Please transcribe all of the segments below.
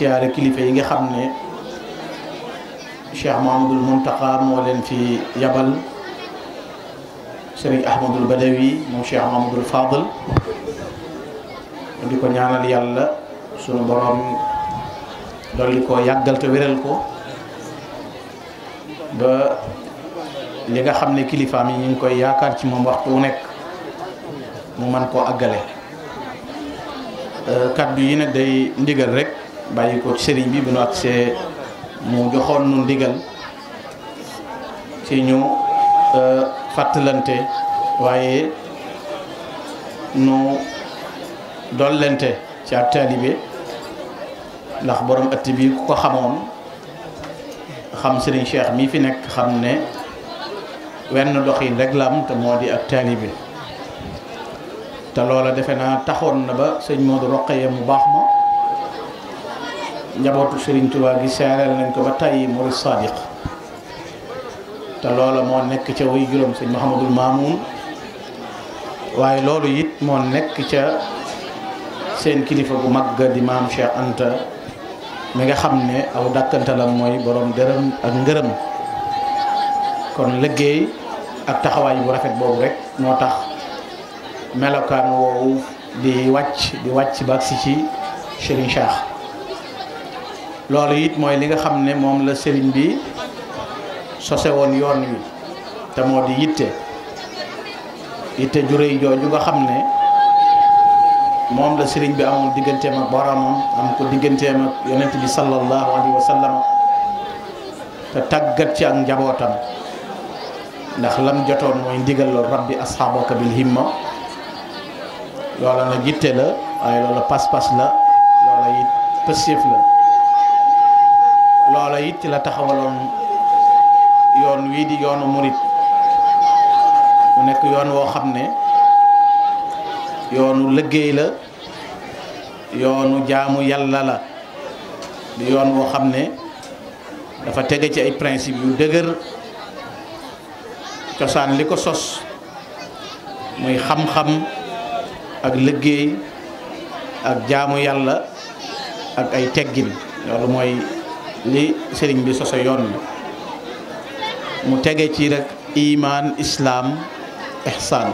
siyaare kilifa yi nga xam ne Cheikh Mahamadul Muntaqa moo leen fi yabal Serigne Ahmadul Badawi moom Cheikh Mahamadul Fadal di ko ñaanal yàlla sunu borom dolli ko yàggal te ko ba li nga xam ne kilifaam yi ñu ngi koy yaakaar ci moom waxtu wu nekk mu man koo àggale kaddu yi nag day ndigal rek bàyyi ko sëriñ bi bu nu agsee mu joxoon nu ndigal ci ñu euh, fàttalante waaye nu dollante ci ab taalibe ndax borom ëtt bi ku ko xamoon xam sëriñ Cheikh mii fi nekk xam ne wenn doxin rek la te moo di ak taalibe te loola defe naa taxoon na ba sëñ Modou Rokhaya mu baax ma njabootu Serigne Touba gi seereel nañ ko ba tàyyi murid sadiq te loola moo nekk ca way juróom sëñ Mouhamadul Mamoun waaye loolu it moo nekk ca seen kilifa bu mag di maam Cheikh Anta mi nga xam ne aw dàkkantalam mooy boroom dërëm ak ngërëm kon liggéey ak taxawaay bu rafet boobu rek moo tax melokaan woowu di wàcc di wàcc ba agsi ci Serigne Cheikh. loolu it mooy li nga xam ne moom la sëriñ bi sose woon yoon wi te moo di yitte yitte ju rëy jooju nga xam ne moom la sëriñ bi amoon digganteem ak boromam am ko digganteem ak yonent bi sallallahu alayhi wa sallam te tàggat ci ak njabootam ndax lam jotoon mooy ndigal loolu rabbi asxaabaka bil himma loola nag yitte la waaye loola pas-pas la loola it pësif la loola it ci la taxawaloon yoon wii di yoonu murit mu nekk yoon woo xam ne yoonu liggéey la yoonu jaamu yàlla la di yoon woo xam ne dafa tege ci ay principe yu dëgër cosaan li ko sos muy xam-xam ak liggéey ak jaamu yàlla ak ay teggin loolu mooy li sëriñ bi soso yoon mu tege ci rek imaan islaam ihsaan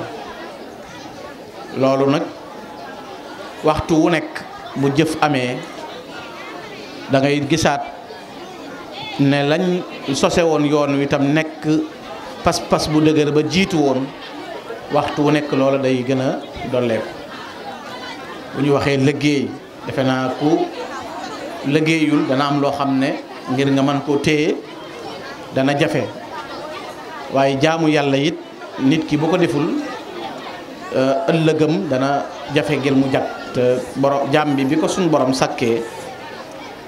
loolu nag waxtu wu nekk bu jëf amee da ngay gisaat ne lañ sose woon yoon wi tam nekk pas-pas bu dëgër ba jiitu woon waxtu wu nekk loola day gën a dolleeku bu ñu waxee liggéey defe naa ku liggéeyul dana am loo xam ne ngir nga mën koo téye dana jafe waaye jaamu yàlla yit nit ki bu ko deful euh, ëllëgam dana jafe ngir mu jag te borom jaam bi bi ko suñ borom sakkee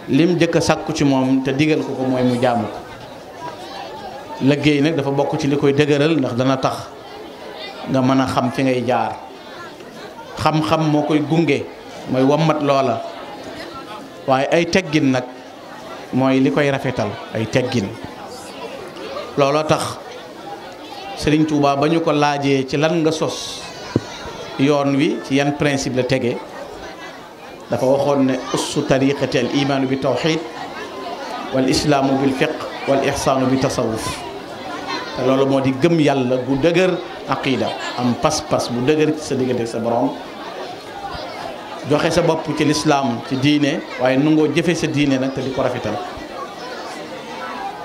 lim njëkk a sakku ci moom te digal ko ko mooy mu jaamu ko liggéey nag dafa bokk ci li koy dëgëral ndax dana tax nga mën a xam fi ngay jaar xam-xam moo koy gunge mooy wammat loola. waaye ay teggin nag mooy li koy rafetal ay teggin looloo tax Sëriñ Tuubaa ba ñu ko laajee ci lan nga sos yoon wi ci yan principe la tege dafa waxoon ne ussu tariqati al bi tawxid wal islaamu bil fiq wal ixsaanu bi tasawuf te loolu moo di gëm yàlla gu dëgër aqida am pas-pas bu dëgër ci sa diggante sa boroom joxe sa bopp ci lislaam ci diine waaye nangoo jëfe sa diine nag te di ko rafetal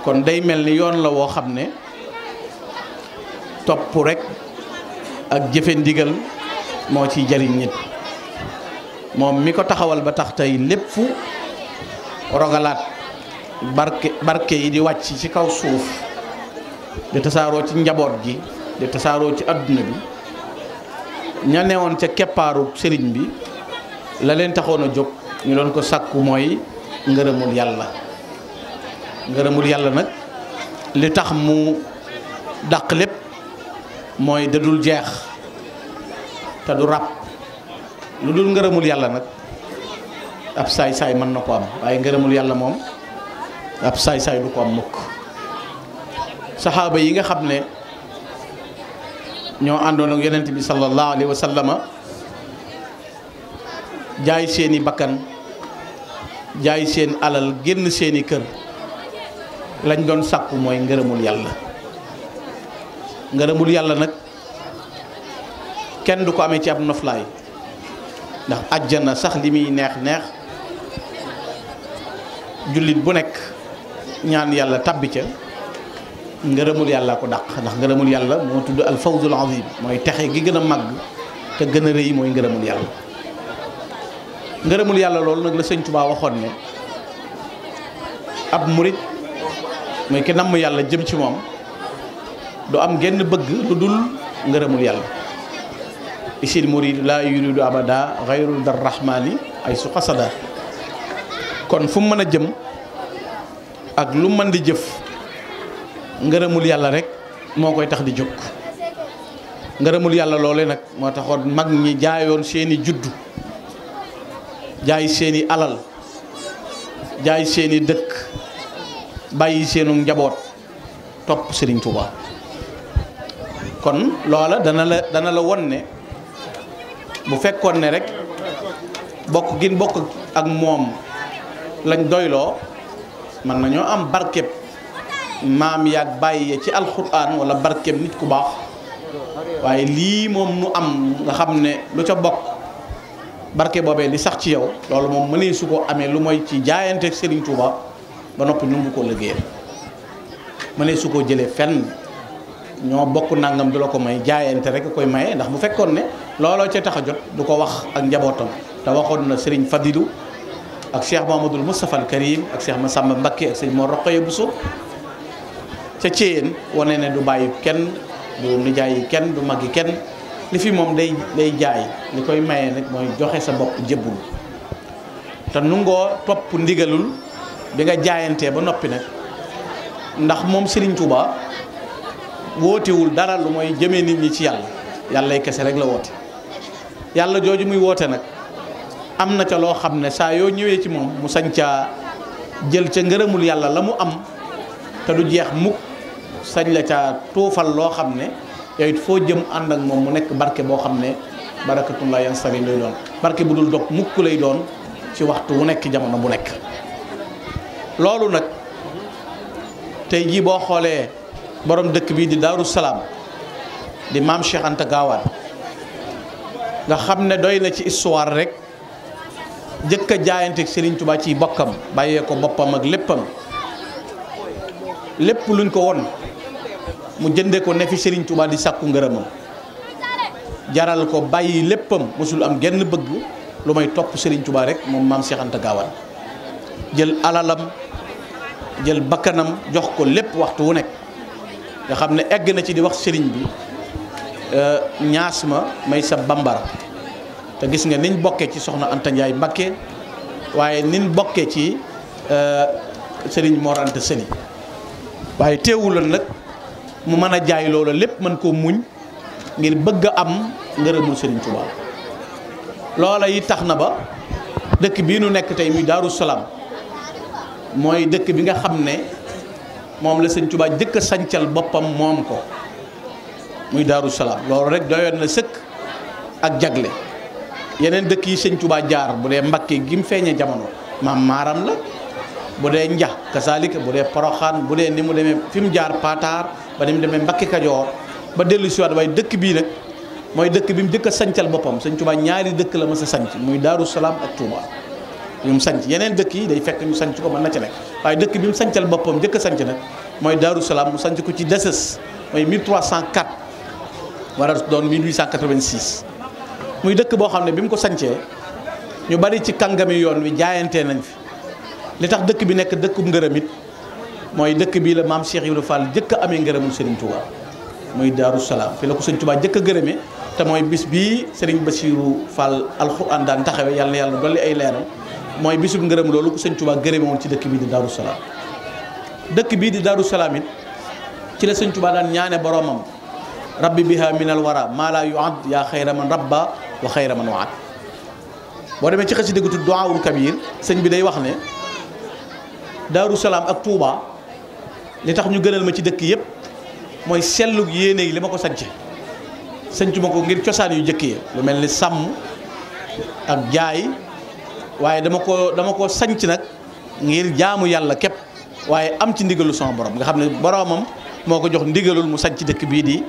kon day mel ni yoon la woo xam ne topp rekk ak jëfe ndigal moo ciy jariñ nit moom mi ko taxawal ba tax tey lépp rogalaat barke barke yi di wàcc ci kaw suuf di tasaaroo ci njaboot gi di tasaaroo ci àdduna bi ña newoon ca keppaaru sëriñ bi la leen taxoon a jóg ñu doon ko sàkku mooy ngërëmul yàlla ngërëmul yàlla nag li tax mu dàq lépp mooy dadul jeex te du ràpp lu dul ngërëmul yàlla nag ab saay-saay mën na ko am waaye ngërëmul yàlla moom ab saay-saay du ko am mukk saxaaba yi nga xam ne ñoo àndoon ak yonent bi sallallahu alayhi wa sallama jaay seeni bakkan jaay seen alal génn seeni kër lañ doon sàkku mooy ngërëmul yàlla ngërëmul yàlla nag kenn du ko amee ci ab noflaay ndax àjjana sax li muy neex neex jullit bu nekk ñaan yàlla tabbi ca ngërëmul yàlla ko dàq ndax ngërëmul yàlla moo tudd al fawzul azim mooy texe gi gën a màgg te gën a rëy mooy ngërëmul yàlla ngërëmul yàlla loolu nag la sëñ Tuubaa waxoon ne ab murit muy ki namm yàlla jëm ci moom du am genn bëgg lu dul ngërëmul yàlla isil murid laa yuridu abada xayrul dar rahmani ay su xasada kon fu mu mën a jëm ak lu mën di jëf ngërëmul yàlla rek moo koy tax di jóg ngërëmul yàlla loole nag moo taxoon mag ñi jaayoon seeni juddu jaay seeni alal jaay seeni dëkk bàyyi seenu njaboot topp Serigne Touba kon loola dana la dana la won ne bu fekkoon ne rek bokk gin bokk ak moom lañ doyloo mën nañoo am barkeb maam yaag bàyyi ci alxuraan wala barkeb nit ku baax waaye lii moom nu am nga xam ne lu ca bokk barke boobee li sax ci yow loolu moom mënee su ko amee lu mooy ci jaayante ak Serigne Touba ba noppi ñu ngi ko liggéeyal mënee su ko jëlee fenn ñoo bokk nangam du la ko may jaayante rek koy maye ndax bu fekkoon ne looloo ca tax a jot du ko wax ak njabootam te waxoon na Serigne Fadilou ak Cheikh Mamadou Moustapha al Karim ak Cheikh Massamba Mbacké ak sëñ Mor Rokhaya Bousso ca Thiéyeen wone ne du bàyyi kenn du nijaay yi kenn du mag yi kenn li fi moom day day jaay li koy mayee nag mooy joxe sa bopp jëbbul te nu ngoo topp ndigalul bi nga jaayantee ba noppi nag ndax moom Serigne Touba wootewul dara lu mooy jëmee nit ñi ci yàlla yàllay kese rek la woote yàlla jooju muy woote nag am na ca loo xam ne saa yoo ñëwee ci moom mu sañ caa jël ca ngërëmul yàlla la mu am te du jeex mukk sañ la ca tuufal loo xam ne yow foo jëm ànd ak moom mu nekk barke boo xam ne barakatun laa yansawi lay doon barke bu dul dog mukk lay doon ci waxtu wu nekk jamono bu nekk loolu nag tey jii boo xoolee borom dëkk bii di Daaru Salaam di maam Cheikh Anta Gaawaan nga xam ne doy na ci histoire rek jëkk a jaayanteeg Serigne Touba ciy bokkam bàyyee ko boppam ak léppam lépp luñ ko won mu jënde ko ne fi Serigne Touba di sàkku ngërëmam jaral ko bàyyi léppam mosul am genn bëgg lu may topp sëriñ Touba rek moom maam Cheikh Anta Gaawaan jël alalam jël bakkanam jox ko lépp waxtu wu nekk nga xam ne egg na ci di wax sëriñ bi euh, ñaas ma may sa bambara te gis nga niñ bokkee ci soxna Anta Ndiaye Mbakke waaye niñ bokkee ci euh, Serigne Mor Anta Sëli waaye teewuloon nag. mu mën a jaay loola lépp mën koo muñ ngir bëgg a am ngërëmul Sëriñ Tuubaa loola yi tax na ba dëkk bii nu nekk tey muy Daaru Salaam mooy dëkk bi nga xam ne moom la Sëriñ Tuubaa jëkk a sancal boppam moom ko muy Daaru Salaam loolu rek doyoon na sëkk ak jagle yeneen dëkk yi Sëriñ Tuubaa jaar bu dee Mbàkke gi mu feeñee jamono maam maaram la bu dee njax kasaalika bu dee poroxaan bu dee ni mu demee fi mu jaar paataar ba ni mu demee mbakki kajoor ba dellu si waat waaye dëkk bii nag mooy dëkk bi mu dëkk a sancal boppam sëñ Tuubaa ñaari dëkk la ma sa sanc muy Daaru Salaam ak Touba yu mu sanc yeneen dëkk yi day fekk ñu sanc ko mën na ci nekk waaye dëkk bi mu sancal boppam njëkk a sanc mooy Daaru Salaam mu sanc ko ci desës mooy 1304 war a doon 1886 muy dëkk boo xam ne bi mu ko sancee ñu bari ci kàngami yoon wi jaayantee nañ fi li tax dëkk bi nekk dëkkub ngërëm mooy dëkk bii la maam Cheikh Ibrahima jëkk a amee ngërëmul Serigne Touba muy Daaru Salaam fi la ko Serigne Touba jëkk a gërëmee te mooy bis bii Serigne Bassirou Fall alxuraan daan taxawee yàlla yàlla dolli ay leeram mooy bisub ngërëm loolu ko Serigne Touba gërëme woon ci dëkk bii di Daaru Salaam dëkk bii di Daaru Salaam ci la Serigne Touba daan ñaane boromam rabbi biha minal wara maa laa yuad yaa xayra man rabba wa xayra man waat demee ci xasida gu tudd sëñ bi day wax ne daaru salaam ak Touba li tax ñu gënal ma ci dëkk yépp mooy sellug yéene yi li ma ko sànce sàncu ma ko ngir cosaan yu njëkk yi lu mel ni sàmm ak jaay waaye dama ko dama ko sànci nag ngir jaamu yàlla képp waaye am ci ndigalu sama borom nga xam ne boromam moo ko jox ndigalul mu ci dëkk bii di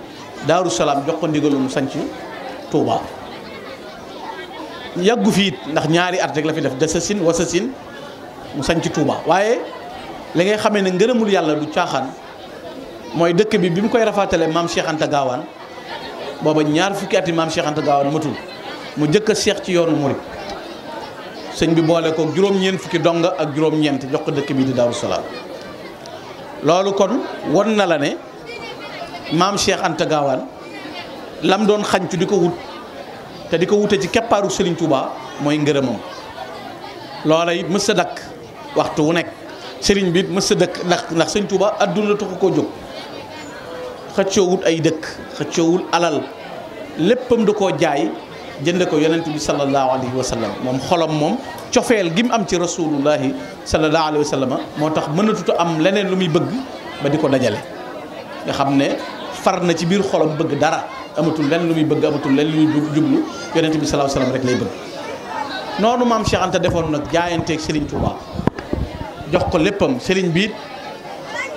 daaru salaam jox ko ndigalul mu sànci Touba. yàggu fi ndax ñaari at rek la fi def de sa sin wa sa sin mu sañ ci Touba waaye li ngay xame ne ngërëmul yàlla du caaxaan mooy dëkk bi bi mu koy rafaatale maam Cheikh Anta Gaawaan booba ñaar fukki at yi matul mu jëkk a seex ci yoonu murit sëñ bi boole ko juróom-ñeent fukki dong ak juróom-ñeent jox ko dëkk bi di Daaru Salaam loolu kon won na la ne maam Cheikh Gaawaan lam doon xañtu di ko wut te di ko wute ci keppaaru Serigne Touba mooy ngërëmam loola it mës a dakk waxtu wu nekk sëriñ bi it mës a dëkk ndax ndax sëñ Touba adduna taxu koo jóg xëccoowut ay dëkk xëccoowul alal léppam du koo jaay jënd ko yonent bi sallallahu alayhi wa moom xolam moom cofeel gi mu am ci rasulullahi sallallahu alayhi wa sallam moo tax mënatut am leneen lu muy bëgg ba di ko dajale nga xam ne far na ci biir xolam bëgg dara amatul lenn lu muy bëgg amatul lenn lu muy jublu yonent bi sallallahu alayhi wa sallam rek lay bëgg noonu maam Cheikh Anta defoon nag jaayanteeg Serigne Touba. jox ko léppam sëriñ bi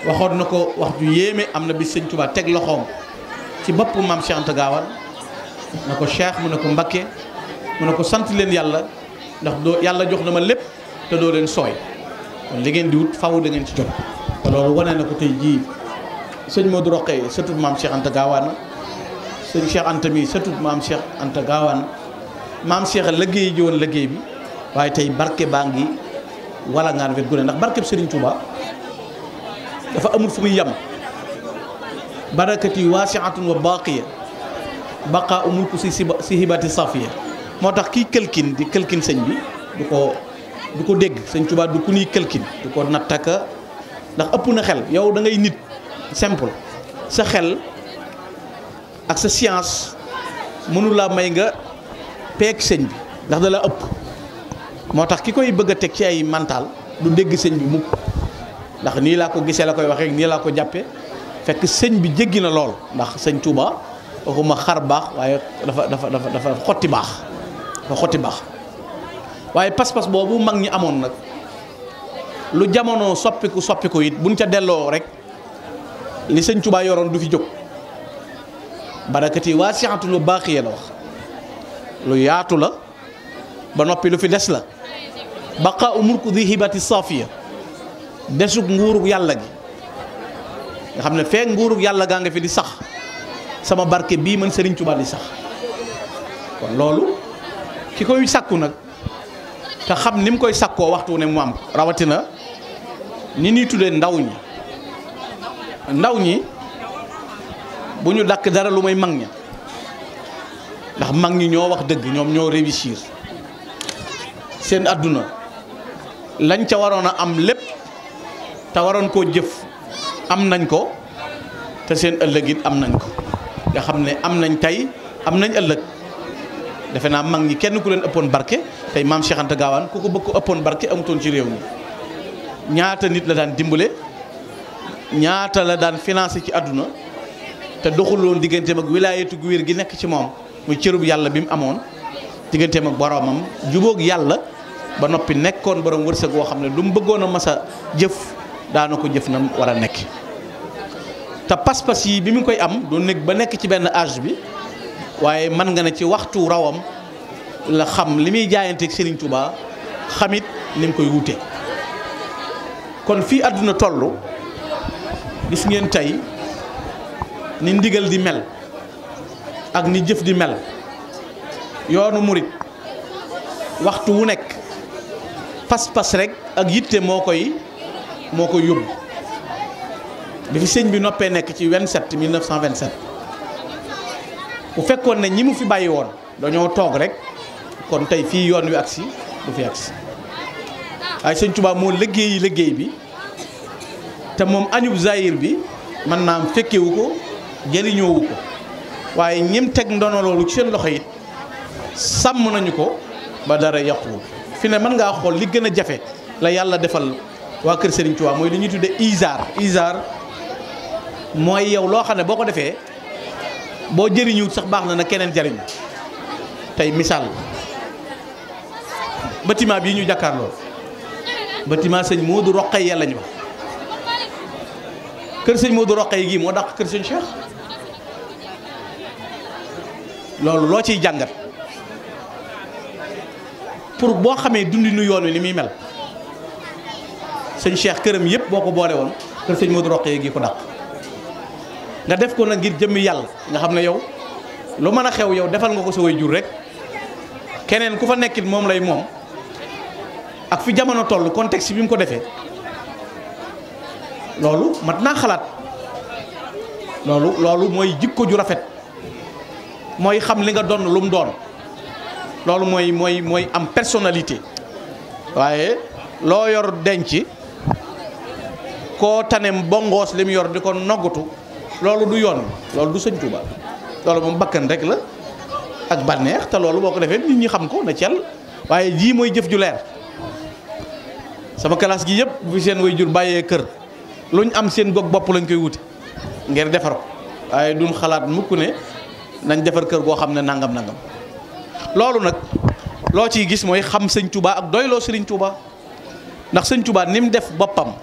waxoon na ko wax ju yéeme am na bi sëñ Tuubaa teg loxoom ci boppu maam Cheikh Gaawaan na ko Cheikh mu ne ko Mbakke mu ne ko sant leen yàlla ndax doo yàlla jox na ma lépp te doo leen sooy kon li ngeen di wut faw da ngeen ci jot te loolu wane na ko tey jii sëñ Modou Rokhaya surtout maam Cheikh Anta Gaawaan sëñ Cheikh Anta mi surtout maam Cheikh Gaawaan maam Cheikh liggéey ji woon liggéey bi waaye tey barke baa ngi. wala ngaan wet gu ne ndax barkeb Serigne Touba dafa amul fu muy yem barakati waasiatun wa baaqiya baqaa umul ko si si hibati safiya moo tax kii këlkin di këlkin sëñ bi du ko du ko dégg sëñ Touba du ku nuy këlkin du ko nattaka ndax ëpp na xel yow da ngay nit simple sa xel ak sa science mënula may nga peek sëñ bi ndax dala ëpp moo tax ki koy bëgg a teg ci ay mental du dégg sëñ bi mukk ndax nii laa ko gisee la koy waxee nii laa ko jàppe fekk sëñ bi jéggi na lool ndax sëñ Touba waxuma xar baax waaye dafa dafa dafa xotti baax xotti baax waaye pas-pas boobu mag ñi amoon nag lu jamono soppiku soppiku it buñ ca delloo rek li sëñ Touba yoroon du fi jóg barakati waasi'atun wa baaqiya la wax lu yaatu la ba noppi lu fi des la. baqaa umurku di hibati safiya desug nguurug yàlla gi nga xam ne feek nguurug yàlla gaa nga fi di sax sama barke bii man Serigne Touba di sax kon loolu ki koy sakku nag te xam ni mu koy sakkoo waxtu ne mu am rawatina ni ñuy tuddee ndaw ñi ndaw ñi bu ñu dakk dara lu may mag ña ndax mag ñi ñoo wax dëgg ñoom ñoo réussir seen àdduna lañ ca waroon a am lépp te waroon koo jëf am nañ ko te seen ëllëg it am nañ ko nga xam ne am nañ tey am nañ ëllëg defe naa mag ñi kenn ku leen ëppoon barke tey maam Cheikh Anta Gaawaan ku ko bëgg ko ëppoon barke amutoon ci réew mi ñaata nit la daan dimbale ñaata la daan financé ci àdduna te doxuloon digganteem ak wilaayetu gu wér gi nekk ci moom muy cërub yàlla bi mu amoon digganteem ak boromam jubóog yàlla. ba noppi nekkoon borom wërsëg woo xam ne du mu bëggoon a mas jëf daana ko jëf na war a nekk te pas-pas yi bi mu koy am du néeg ba nekk ci benn âge bi waaye mën nga ne ci waxtu rawam la xam li muy jaayanteeg Serigne Touba xamit ni mu koy wuute kon fii àdduna tollu gis ngeen tey ni ndigal di mel ak ni jëf di mel yoonu murit waxtu wu nekk pas-pas rek ak yitte moo koy moo ko yóbbu bi fi sëñ bi noppee nekk ci 27 1927 bu fekkoon ne ñi mu fi bàyyi woon dañoo toog rek kon tey fii yoon wi agsi du fi agsi waaye sëñ Tuubaa moo liggéeyi liggéey bi te moom añub zahir bi man naam fekkewu ko jëriñoowu ko waaye ñim teg ndono loolu ci seen loxo it sàmm nañu ko ba dara yàquwul fi ne mën ngaa xool li gën a jafe la yàlla defal waa kër Serigne Touba mooy li ñuy tuddee isaar isaar mooy yow loo xam ne boo ko defee boo jëriñu sax baax na na keneen jëriñ tey misaal bâtiment bii ñu jàkkaarloo bâtiment sëñ Modou Roqe yàlla ñu wax kër sëñ Modou Roqe gii moo dàq kër sëñ Cheikh loolu loo ciy jàngat. pour boo xamee nu yoon wi ni muy mel sëñ Cheikh këram yëpp boo ko boole woon kër sëñ Modou Rokhaya gi ko dàq nga def ko nag ngir jëmmi yàlla nga xam ne yow lu mën a xew yow defal nga ko sa way jur rek keneen ku fa nekkit moom lay moom ak fi jamono toll contexte bi mu ko defee loolu mat naa xalaat loolu loolu mooy jikko ju rafet mooy xam li nga doon lu mu doon. loolu mooy mooy mooy am personnalité waaye loo yor denc koo tanem bongoos li yor di ko noggatu loolu du yoon loolu du sëñ Tuuba loolu moom bakkan rek la ak bànneex te loolu boo ko defee nit ñi xam ko na cel waaye jii mooy jëf ju leer sama classe gi yëpp bu seen way jur bàyyee kër lu ñu am seen gog bopp lañ koy wuti ngir defar ko waaye duñ xalaat mukk ne nañ defar kër goo xam ne nangam nangam loolu nag loo ciy gis mooy xam sëñ Touba ak doyloo sëriñ Touba ndax sëñ Touba ni mu def boppam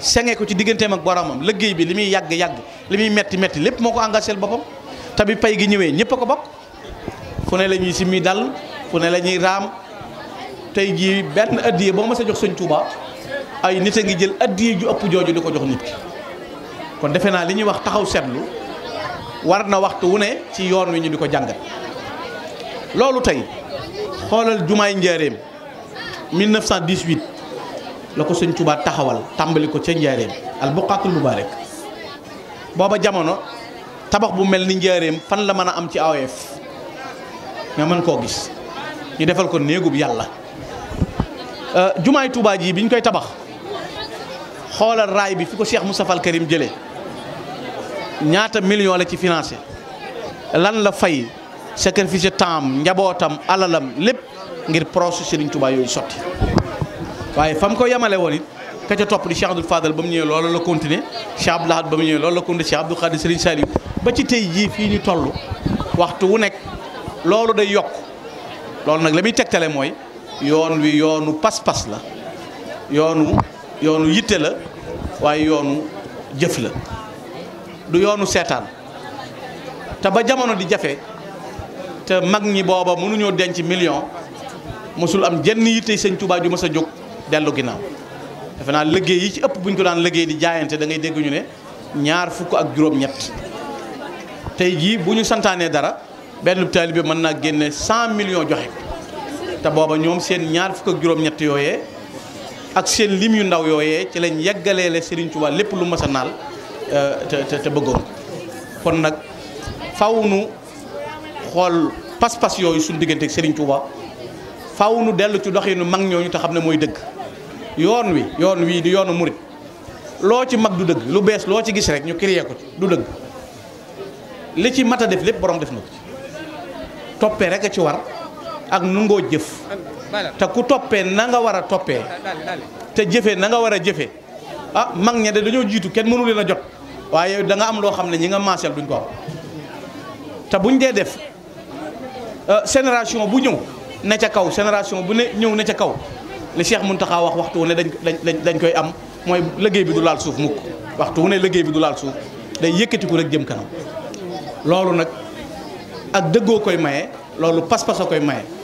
sengee ko ci digganteem ak boromam liggéey bi li muy yàgg yàgg li muy metti metti lépp moo ko engagé boppam te bi pay gi ñëwee ñëpp a ko bokk fu ne la ñuy simmi dal fu ne la raam tey jii benn addiye boo ma sa jox sëñ Touba ay nit a ngi jël addiye ju ëpp jooju di ko jox nit ki kon defe naa li ñuy wax taxaw seetlu war na waxtu wu ne ci yoon wi ñu di ko jàngat. loolu tey xoolal jumaay njaareem 1918 la ko sëñ Tuubaa taxawal tàmbali ko ca njaareem albuqaatul rek booba jamono tabax bu mel ni njaareem fan la mën a am ci aweef nga mën koo gis ñu defal ko néegub yàlla euh, jumaay Tuubaa ji biñ koy tabax xoolal raay bi fi ko Cheikh Moustapha al Karim jëlee ñaata million la ci financé lan la fay sacrifice temps njabootam alalam lépp ngir proche Serigne Touba yooyu sotti waaye fam ko yemale woon it ka topp di Cheikh Abdoul Fadal ba mu ñëwee loolu la continuer Cheikh Abdoul Ahad ba mu ñëwee loolu la continuer Cheikh Abdou Khadir Serigne ba ci tey jii fii ñu tollu waxtu wu nekk loolu day yokk loolu nag la muy tegtale mooy yoon wi yoonu pas-pas la yoonu yoonu yitte la waaye yoonu jëf la du yoonu seetaan te ba jamono di jafe. te mag ñi booba mënuñoo denc million mosul am jenn tey sëñ Touba ju mës a jóg dellu ginnaaw defe naa liggéey yi ci ëpp bu ñu ko daan liggéey di jaayante da ngay dégg ne ñaar ak juróom tey jii bu ñu santaanee dara benn taalibe mën naa génne cent millions joxe te booba ñoom seen ñaar fukk ak juróom-ñett yooyee ak seen lim yu ndaw yooye ci lañ yeggaleele Serigne Touba lépp lu mës a naal euh, te te bëggoon kon nag faw nu xool pas-pas yooyu suñu diggante ak Serigne Touba faaw nu dellu ci doxinu mag ñooñu te xam ne mooy dëgg yoon wi yoon wii di yoonu murit loo ci mag du dëgg lu bees loo ci gis rek ñu créé ko du dëgg li ci mat a def lépp borom def na ko ci toppee rek a ci war ak nu ngoo jëf te ku toppe na nga war a toppee te jëfe na nga war a jëfe ah mag ña de dañoo jiitu kenn mënu leen a jot waaye danga am loo xam ne ñi nga maaseel duñ ko am te buñ dee def sénération euh, bu ñëw na ca kaw sénération bu ne ñëw na ca kaw li Cheikh Mountakha wax waxtu wu ne dañ dañ dañ koy am mooy liggéey bi du laal suuf mukk waxtu ne liggéey bi du laal suuf day yëkkatiku rek jëm kanam loolu nag ak dëggoo koy maye loolu pas-pas a koy maye.